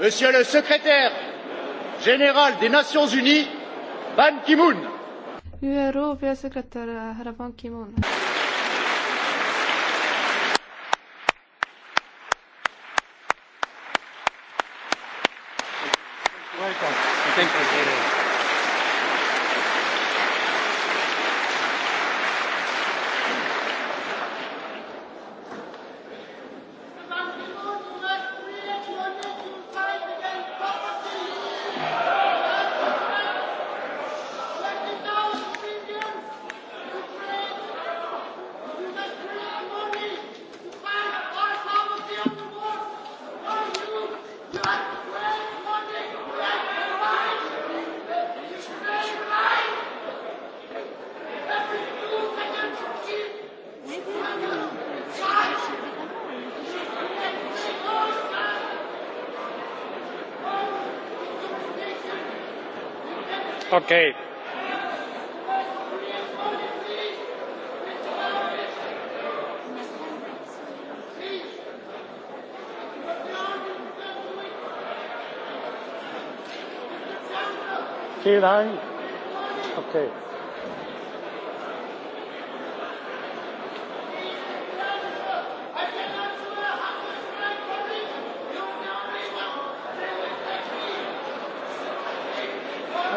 Monsieur le secrétaire général des Nations Unies, Ban Ki-moon. ÜRO peasekretär härra Ban Ki-moon. Welcome. Thank you. okei okay.. vielen Dank. Okay.